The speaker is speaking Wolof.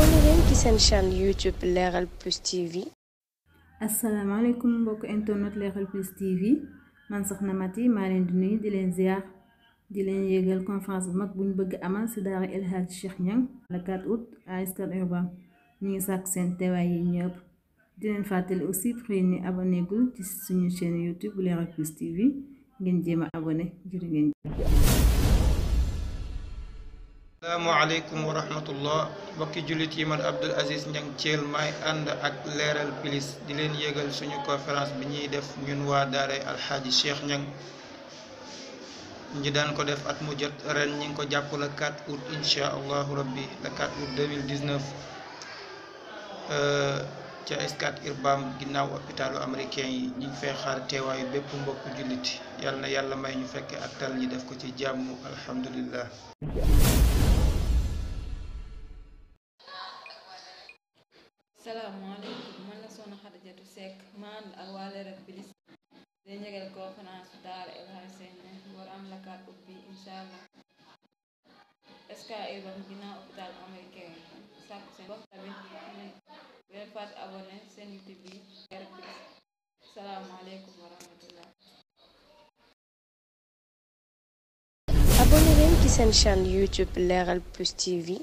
abonné leen ci seen chaîne YouTube mbokk internet Leral Plus TV man soxna Mati maa leen di di leen ziar di leen yéegal conférence bu mag bu bëgg amal ci daara El Hadj Cheikh Niang le 4 août à Scat ñu ngi sàkk seen teewaay yi ñëpp di leen fàttali aussi pour yéen ñi gul ci suñu chaîne YouTube Leral Plus TV ngeen jéema a abonné asalaamaaleykum wa rahmatullah mbokki yi man Abdoul Aziz Ndiang Thiel may ànd ak leeral pilis di leen yëgal suñu conférence bi ñuy def ñun waa daaray alxaaji Cheikh Ndiang ñi daan ko def at mu jot ren ñi ko jàpp le 4 août incha allahu rabbi le 4 août 2019 euh, ca Scat Urbam ginnaaw hôpitalu américain yi ñu ngi fay xaar teewaayu bépp mbokku na yàlla may ñu fekke ak tal ñi def ko ci alhamdulillah salaamaaleykum na la Soxna Xadijatu Sekk maa ànd ak waa Bilis day njëgal conférence daara El Hadj Sène war am la kat ubbi allah Sky Urbam hôpital américain sàkku seen bopp tamit bu leen fàtte abonné seen YouTube bi Leeral Bilis salaamaaleykum wa rahmatullah abonné leen ci seen chaîne YouTube Leeral Plus TV